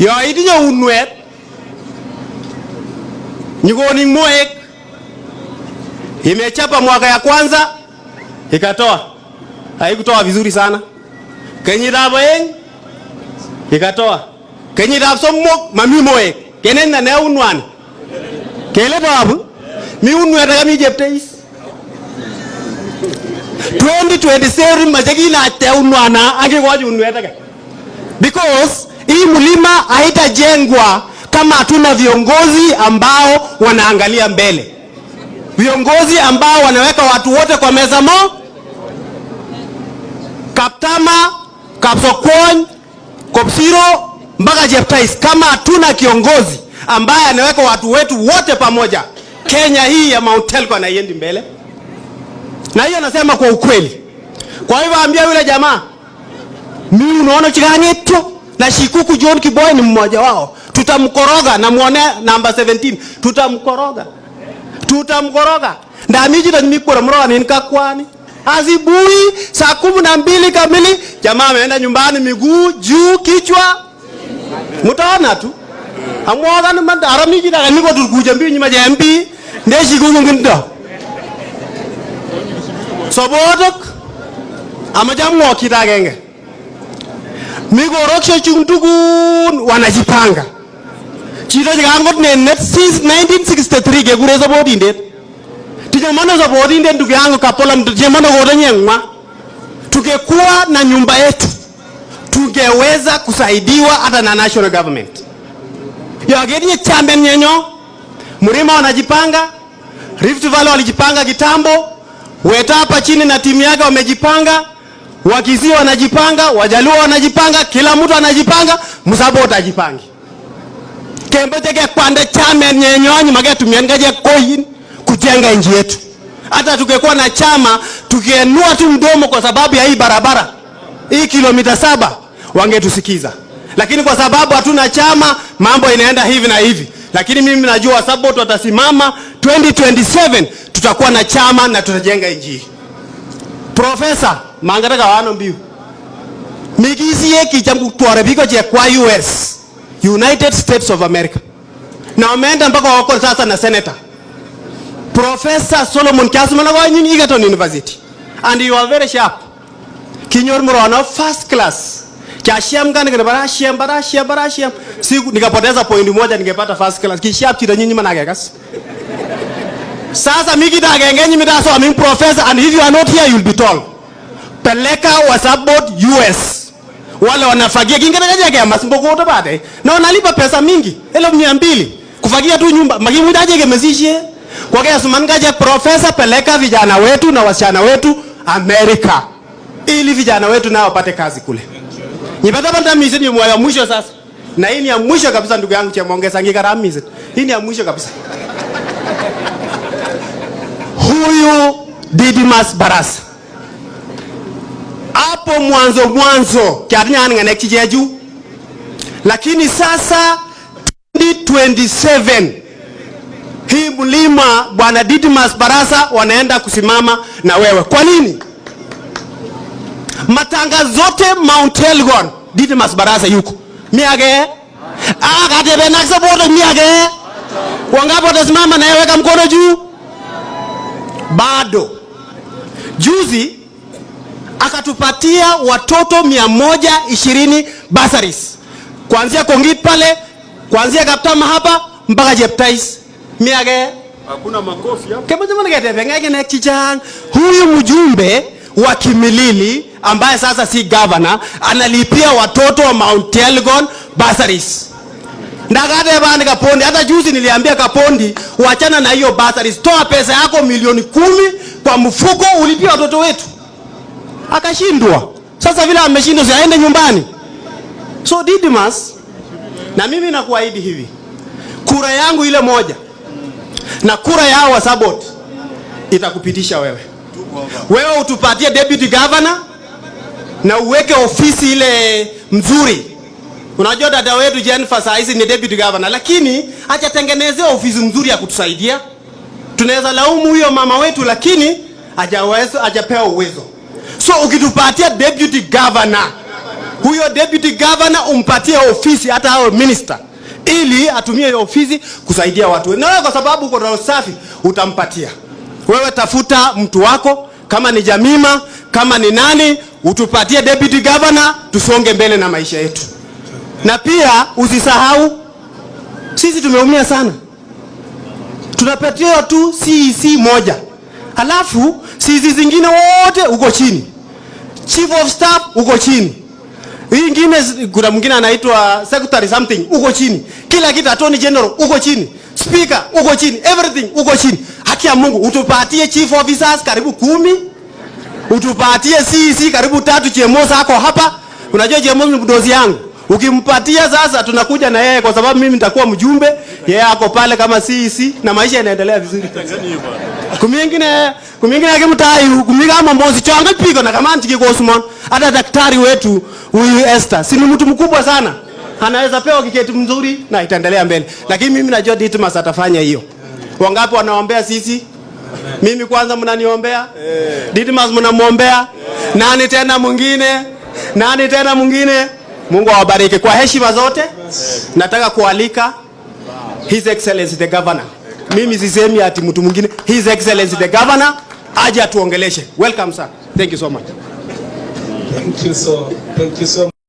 yo itinye unwet nyikoni moek imechapa mwaka ya kwanza ikatoa, haikutoa vizuri sana. Kenyitab aeng ikatoa, kenyitab somok mami moek kenenda ne unwan kele tabu mi unwet akami chepteis 2027 mache kinachte unwana akikochi unwet ake because hii mlima haitajengwa kama hatuna viongozi ambao wanaangalia mbele, viongozi ambao wanaweka watu wote kwa meza mo. Kaptama, Kapsokwon, Kopsiro mpaka Jeptais, kama hatuna kiongozi ambaye anaweka watu wetu wote pamoja, Kenya hii ya Mount Elgon anaiendi mbele. Na hiyo anasema kwa ukweli. Kwa hivyo ambia yule jamaa, mimi unaona chigani na Shikuku John Kiboy ni mmoja wao. Tutamkoroga na muone namba 17, tutamkoroga tutamkoroga ndamijira nimikura mroa ninkakwani azibui saa kumi na mbili kamili jamaa ameenda nyumbani, miguu juu, kichwa mutaona tu amwagani manda aramijira kaniko turkuja mbi nyuma jembi ndeshikuku ngindo sobotok amajamwokit agenge mikorokshek tukun wanajipanga. Chito chikangot nenet since 1963 kekure sobodindet. Tunyamano sobodindet ndugu yangu Kapola tunyamano kodenye ngwa. na nyumba yetu tungeweza kusaidiwa hata na national government. Yagenye chambe nyenyo murima wanajipanga, Rift Valley walijipanga kitambo, Weta hapa chini na timu yake wamejipanga. Wakisii wanajipanga, Wajaluo wanajipanga, kila mtu anajipanga, msabota ajipangi. ajipange kembeteke kwande chama nyenyonyi tumiangaje koyin kujenga nchi yetu. Hata tukekuwa na chama tukienua tu mdomo kwa sababu ya hii barabara hii kilomita saba wangetusikiza, lakini kwa sababu hatuna chama mambo inaenda hivi na hivi. Lakini mimi najua sabato atasimama 2027 tutakuwa na chama na tutajenga nchi hii. Profesa mangete kawano mbiu migisie kicham kutwore biko che kwa US United States of America na ameenda mpaka wako sasa na senator Professor Solomon Kiasuma na wanyinyi Egerton University and you are very sharp kinyor mrono first class Kashiam gani kana bara bara shiam shiam bara shiam siku nikapoteza point moja ningepata first class kishap chita nyinyi manake kasi sasa mi kita agenge gengenyi mita so I'm professor and if you are not here you'll be told. Peleka was about US. Wale wanafagia kingine kaje kaya mbogo to baadaye. Na wanalipa pesa mingi, elfu mia mbili. Kufagia tu nyumba, makimu daje gemezishie. Kwa kaya suman kaje professor peleka vijana wetu na wasichana wetu Amerika. Ili vijana wetu nao wapate kazi kule. Nyipata banta mimi ni mwaya mwisho sasa. Na hii ni ya mwisho kabisa ndugu yangu Chemonge Sangi Karamizi. Hii ni ya mwisho kabisa huyu Didmas Barasa hapo mwanzo mwanzo kyatnyang'ane lakini sasa 2027 hii mlima bwana Didmas Barasa wanaenda kusimama na wewe. Kwa nini? matangazo zote Mount Elgon Didmas Barasa yuko miage akatebe ah, miage wangapo, tasimama na yeweka mkono juu bado. Juzi akatupatia watoto 120 basaris kuanzia Kongit pale, kuanzia Kaptama hapa mpaka Jeptais miage. Hakuna makofi hapo. Kama jamani Huyu mjumbe wa Kimilili ambaye sasa si governor analipia watoto wa Mount Elgon basaris. Ndagade bani Kapondi, hata juzi niliambia Kapondi, wachana na hiyo basari, toa pesa yako milioni kumi kwa mfuko ulipia watoto wetu. Akashindwa. Sasa vile ameshindwa, si aende nyumbani. So Didmas, na mimi nakuahidi hivi, kura yangu ile moja na kura ya hawa Sabot itakupitisha wewe. Wewe utupatie deputy governor na uweke ofisi ile mzuri Unajua dada wetu Jennifer saa hizi ni deputy governor, lakini acha hajatengenezea ofisi nzuri ya kutusaidia. Tunaweza laumu huyo mama wetu, lakini hajaweza, hajapewa uwezo. So ukitupatia deputy governor, huyo deputy governor umpatie ofisi hata hao minister, ili atumie hiyo ofisi kusaidia watu. Na wewe kwa sababu uko roho safi utampatia. Wewe tafuta mtu wako kama ni Jamima, kama ni nani, utupatie deputy governor tusonge mbele na maisha yetu na pia usisahau, sisi tumeumia sana, tunapatiwa tu CEC e moja, alafu CEC e zingine wote uko chini, chief of staff uko chini, hii ingine, kuna mwingine anaitwa secretary something, uko chini, kila kitu, attorney general uko chini, speaker uko chini, everything uko chini. Haki ya Mungu, utupatie chief officers karibu kumi, utupatie CEC e karibu tatu. Chemosa zako hapa, unajua Chemosa ni mdozi yangu Ukimpatia sasa, tunakuja na yeye kwa sababu mimi nitakuwa mjumbe, yeye ako pale kama CEC e na maisha yanaendelea vizuri. Kumingine kumingine akimtai kumingine kama mbozi changa piga na kama antiki Osman, hata daktari wetu huyu Esther, si ni mtu mkubwa sana. Anaweza pewa kiketi mzuri na itaendelea mbele. Lakini mimi najua Ditmas atafanya hiyo. Wangapi wanaombea sisi? E mimi kwanza mnaniombea? Eh. Ditmas mnamuombea? Eh. Nani tena mwingine? Nani tena mwingine? Mungu awabariki kwa heshima zote. Nataka kualika His Excellency the Governor. Mimi sisemi ati mtu mwingine, His Excellency the Governor aje atuongeleshe. Welcome sir. Thank you so much. Thank you so, thank you so much.